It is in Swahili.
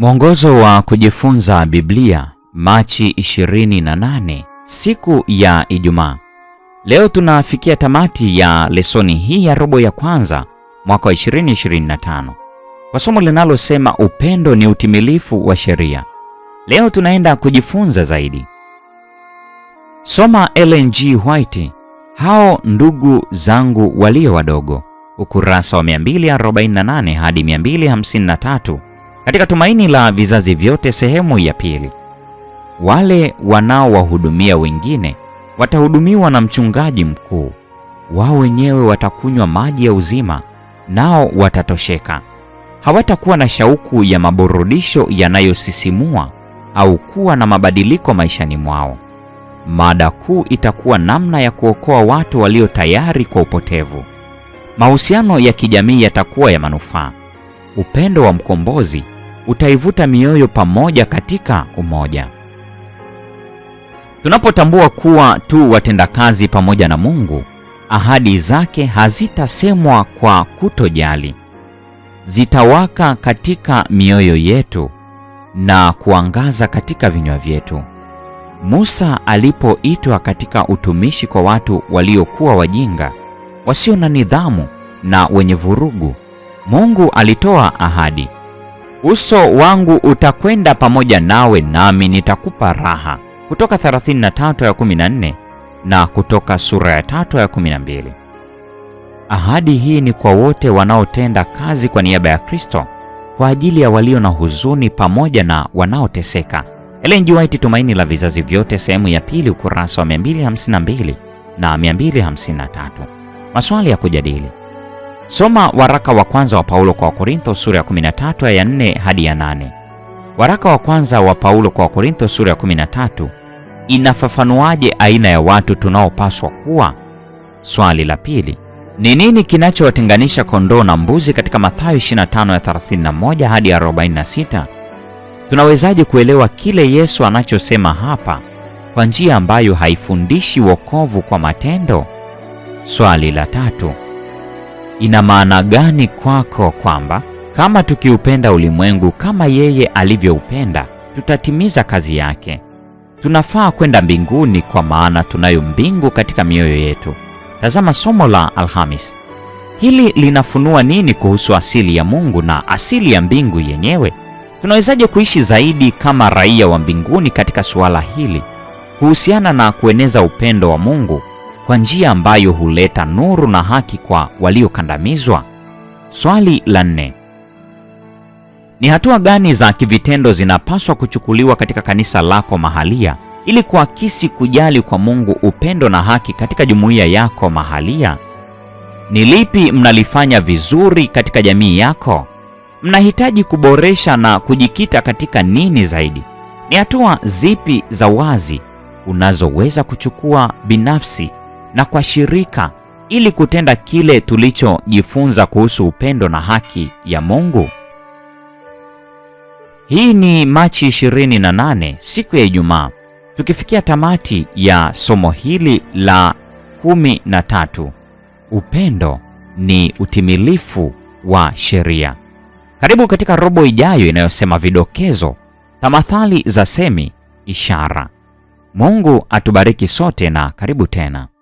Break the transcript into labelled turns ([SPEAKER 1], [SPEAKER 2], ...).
[SPEAKER 1] Mwongozo wa kujifunza Biblia, Machi 28, siku ya Ijumaa. Leo tunafikia tamati ya lesoni hii ya robo ya kwanza mwaka wa 2025 kwa somo linalosema upendo ni utimilifu wa sheria. Leo tunaenda kujifunza zaidi. Soma Ellen G. White, hao ndugu zangu walio wadogo, ukurasa wa 248 hadi 253 katika Tumaini la Vizazi Vyote sehemu ya pili, wale wanaowahudumia wengine watahudumiwa na mchungaji mkuu. Wao wenyewe watakunywa maji ya uzima, nao watatosheka. Hawatakuwa na shauku ya maburudisho yanayosisimua au kuwa na mabadiliko maishani mwao. Mada kuu itakuwa namna ya kuokoa watu walio tayari kwa upotevu. Mahusiano ya kijamii yatakuwa ya manufaa upendo wa mkombozi utaivuta mioyo pamoja katika umoja. Tunapotambua kuwa tu watendakazi pamoja na Mungu, ahadi zake hazitasemwa kwa kutojali, zitawaka katika mioyo yetu na kuangaza katika vinywa vyetu. Musa alipoitwa katika utumishi kwa watu waliokuwa wajinga, wasio na nidhamu na wenye vurugu, Mungu alitoa ahadi, uso wangu utakwenda pamoja nawe nami nitakupa raha, kutoka 33 ya 14 na kutoka sura ya 3 ya 12. Ahadi hii ni kwa wote wanaotenda kazi kwa niaba ya Kristo, kwa ajili ya walio na huzuni pamoja na wanaoteseka. Ellen G. White, Tumaini la Vizazi Vyote, sehemu ya pili, ukurasa wa 252 na 253. Maswali ya kujadili Soma waraka wa kwanza wa Paulo kwa Wakorintho sura ya 13 aya 4 hadi ya 8. Waraka wa kwanza wa Paulo kwa Wakorintho sura ya 13 inafafanuaje aina ya watu tunaopaswa kuwa? Swali la pili, ni nini kinachowatenganisha kondoo na mbuzi katika Mathayo 25 ya 31 hadi 46? Tunawezaje kuelewa kile Yesu anachosema hapa kwa njia ambayo haifundishi wokovu kwa matendo? Swali la tatu, Ina maana gani kwako kwamba kama tukiupenda ulimwengu kama yeye alivyoupenda tutatimiza kazi yake? Tunafaa kwenda mbinguni kwa maana tunayo mbingu katika mioyo yetu. Tazama somo la Alhamis. Hili linafunua nini kuhusu asili ya Mungu na asili ya mbingu yenyewe? Tunawezaje kuishi zaidi kama raia wa mbinguni katika suala hili? Kuhusiana na kueneza upendo wa Mungu, kwa njia ambayo huleta nuru na haki kwa waliokandamizwa? Swali la nne: ni hatua gani za kivitendo zinapaswa kuchukuliwa katika kanisa lako mahalia ili kuakisi kujali kwa Mungu, upendo na haki katika jumuiya yako mahalia? Ni lipi mnalifanya vizuri katika jamii yako? Mnahitaji kuboresha na kujikita katika nini zaidi? Ni hatua zipi za wazi unazoweza kuchukua binafsi na kwa shirika ili kutenda kile tulichojifunza kuhusu upendo na haki ya Mungu. Hii ni Machi 28, siku ya Ijumaa, tukifikia tamati ya somo hili la 13. Upendo ni utimilifu wa sheria. Karibu katika robo ijayo inayosema vidokezo, tamathali za semi, ishara. Mungu atubariki sote na karibu tena.